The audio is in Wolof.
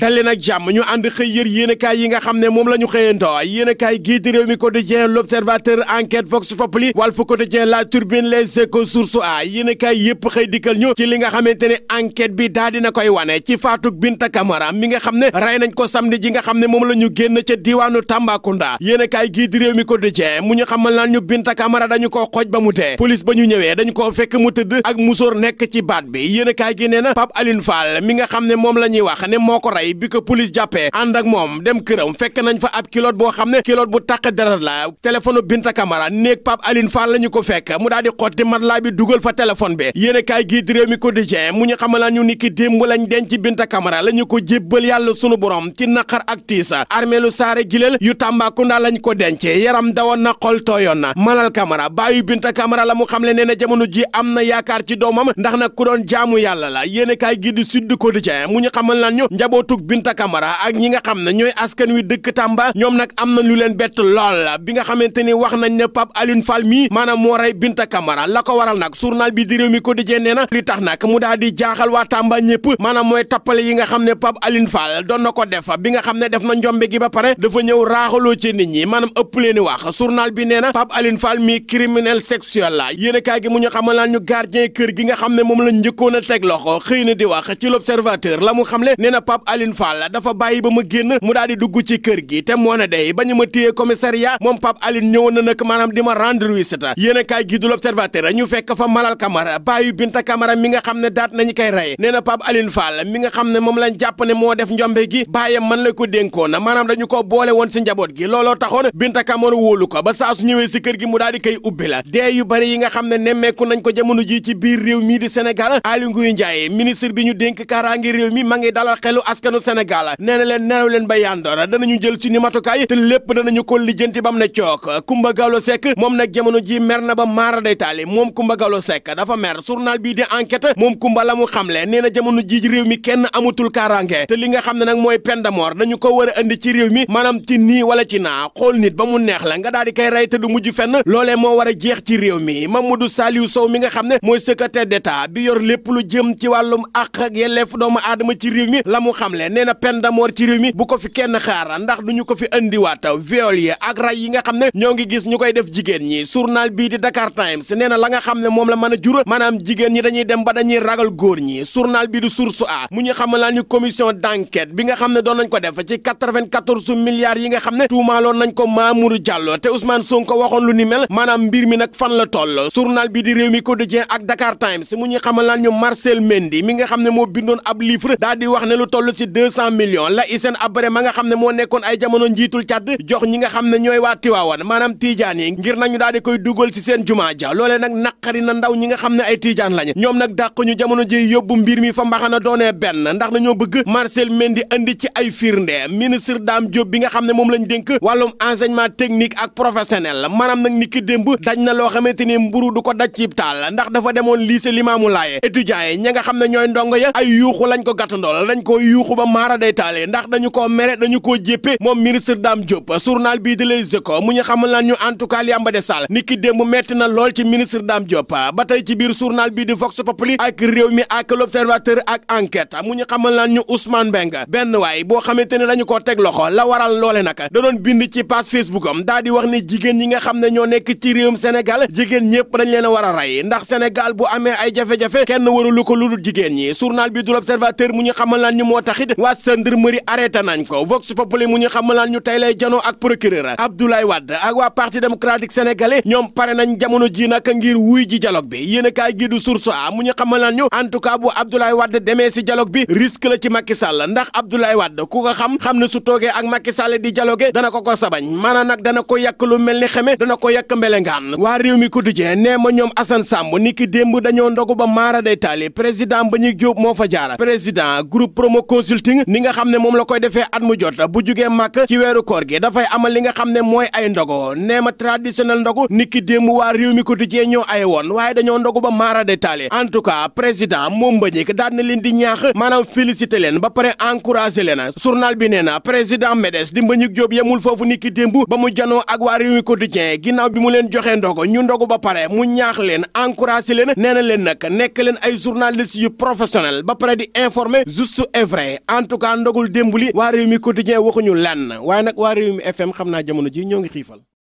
dalee nag jàmm ñu ànd xëy yër yéenekaay yi nga xam ne moom la ñu xëyantoo yéenekaay gii di mi Rewmi Quotidien L'Observateur Enquête Vox Populi Walf Quotidien La Tribune Les Échos Source A yéenekaay yépp xëy dikkal ñu ci li nga xamante ne enquête bi daal dina koy wane ci faatu Binta Camara mi nga xam ne rey nañ ko samedi ji nga xam ne moom la ñu génn ca diwaanu Tambacounda yéenekaay gii di mi Rewmi Quotidien mu ñu xamal naan ñu Binta Camara dañu koo xooj ba mu dee police ba ñu ñëwee dañu koo fekk mu tëdd ak musóor nekk ci baat bi yéenekaay gi nee na Pape Aline mi nga xam ne moom la ñuy wax ne moo ko rey Faye bi ko police jàppee ànd ak moom dem këram fekk nañ fa ab kilote boo xam ne kilote bu taq deret la téléphone Binta Camara néeg Pape Aline Fall la ko fekk mu daal di xotti matelas bi dugal fa téléphone bi yéen a kaay di réew mi quotidien mu ñu xamal ñu ni ki démb denc Binta Camara la ko jébbal yàlla sunu borom ci naqar ak tiisa armeelu saare gileel yu Tambacounda lañ ko denc yaram dawoon na xol tooyoon na Malal Camara baayu Binta Camara la mu xam le nee na jamono ji am na yaakaar ci doomam ndax nag ku doon la yéen a kaay gii njabootuk Binta Camara ak ñi nga xam ne ñooy askan wi dëkk Tamba ñoom nag am na lu leen bett lool bi nga xamante ni wax nañ ne Pape Alioune Fall mii maanaam moo rey Binta Camara la ko waral nag journal bi di réew mi quotidien nee na li tax nag mu daal di jaaxal waa Tamba ñëpp maanaam mooy tappale yi nga xam ne Pape Alioune Fall doon na ko def bi nga xam ne def na njombe gi ba pare dafa ñëw raaxaloo ci nit ñi maanaam ëpp leen wax journal bi nee na Pape Alioune mii criminel sexuel la yéen a gi mu ñu xamalaan ñu gardien kër gi nga xam ne moom la njëkkoon a teg loxo xëy na di wax ci l'observateur la mu xamle nee na Pape Alioune Fall dafa bàyyi ba ma génn mu daal di dugg ci kër gi te moo ne day ba téye commissariat moom Pape Alioune ñëwoon na maanaam di ma rendre visite yéenekaay gi du ñu fekk fa Malal Camara baayu Binta Camara mi nga xam ne daat nañu ko boole woon si njaboot gi looloo taxoon Binta Camara wóolu ko ba saa ñëwee si kër gi mu daal di koy ubbi la dee yu bari yi nga xam ne nemmeeku nañ ko jamono ji ci biir réew mii di Sénégal Aly Ngouille ministre bi askanu Sénégal nee na leen nelaw leen ba yandoor ñu jël suñu matukaay te lépp danañu ko lijjanti ba mu ne cook Kumba Gawlo Seck moom nag jamono ji mer na ba maara day taali moom Kumba Gawlo Seck dafa mer journal bii di enquête moom Kumba la mu xamle nee na jamono ji réew mi kenn amutul kaaraange te li nga xam ne nag mooy peine de dañu ko war a indi ci réew mi maanaam ci nii wala ci naa xool nit ba mu neex la nga daal di koy rey te du mujj fenn loole moo war a jeex ci réew mi Mamadou Saliou Sow mi nga xam ne mooy secrétaire d'État bi yor lépp lu jëm ci wàllum àq ak yelleef doomu aadama ci réew mi la mu Diagne nee na peine de mort ci réew mi bu ko fi kenn xaar ndax du ñu ko fi andiwaat viol yi ak ray yi nga xam ne ñoo ngi gis ñu koy def jigéen ñi journal bii di Dakar Times nee na la nga xam ne moom la mën a jur maanaam jigéen ñi dañuy dem ba dañuy ragal góor ñi journal bii di Source A mu ñu xamal naa ñu commission d'enquête bi nga xam ne doon nañ ko def ci 94 milliards yi nga xam ne tuumaaloon nañ ko Mamour Diallo te Ousmane Sonko waxoon lu ni mel maanaam mbir mi nag fan la toll journal bii di réew mi quotidien ak Dakar Times mu ñu xamal naa ñu Marcel Mendy mi nga xam ne moo bindoon ab livre ci deux cent millions a Hissène Habré nga xam ne moo nekkoon ay jamono njiitul Tchad jox ñi nga xam ne ñooy waa Tiwaawan maanaam tiijaan yi ngir nañu daal di koy dugal ci seen jumaa ja loolee nag naqari na ndaw ñi nga xam ne ay tiijaan lañ ñoom nag dàq ñu jamono ji yóbbu mbir mi fa mbaxana doonee benn ndax dañoo bëgg Marcel Mendy andi ci ay firnde ministre Dame Diop bi nga xam ne moom lañ dénk wàllum enseignement technique ak professionnel maanaam nag ni ki démb daj na loo xamante ni mburu du ko daj ci ndax dafa demoon lycée Limamou Laye étudiants yi ña xam ne ñooy ndongo ya ay yuuxu lañ ko gàttandool dañ xuba maara day taale ndax dañu koo mere dañu koo jéppe moom ministre Dame Diop journal bii di Les Échos mu ñu xamal lan ñu en tout cas Yamba de Sall niki démb metti na lool ci ministre Dame Diop ba tey ci biir journal bii di Vox Populi ak réew mi ak l'Observateur ak enquête mu ñu xamal ñu Ousmane Mbengue benn waay boo xamante ne dañu koo teg loxo la waral loole nag da doon bind ci page Facebook am daa di wax ne jigéen ñi nga xam ne ñoo nekk ci réewum Sénégal jigéen ñëpp dañ leen a war a rey ndax Sénégal bu amee ay jafe-jafe kenn warulu ko lu dul jigéen ñi journal bi du l'Observateur mu ñu xamal lan ñu moo tax jeexit waa gendarmerie arrêté nañ ko Vox Populi mu ñu xamalaan ñu tey lay janoo ak procureur Abdoulaye Wade ak waa parti démocratique sénégalais ñoom pare nañ jamono ji nag ngir wuy ji dialogue bi yéen a du source a mu ñu xamalaan ñu en bu Abdoulaye Wade demee si dialogue bi risque la ci Macky Sall ndax Abdoulaye Wade ku ko xam xam ne su toogee ak Macky di dialogue dana ko ko sabañ maanaam nag dana ko yàq lu mel ni xeme dana ko yàq mbelengaan waa réew consulting ni nga xam ne moom la koy defee at mu jot bu jugee màkk ci weeru koor gi dafay amal li nga xam ne mooy ay ndogo neema traditionnel ndogu niki démb waa réew mi quotidien ñoo ay woon waaye dañoo ndogu ba maara détaillé en tout cas président moom Mbagnick daan di ñaax maanaam félicité leen ba pare encouragé leen journal bi nee na président MEDES di Mbagnick Diop yemul foofu niki démb ba mu janoo ak waa réew mi quotidien ginnaaw bi mu leen joxee en tout cas ndogul démb li waa réew mi quotidien waxuñu lenn waaye nag waa réew mi FM xam naa jamono ji ñoo ngi xiifal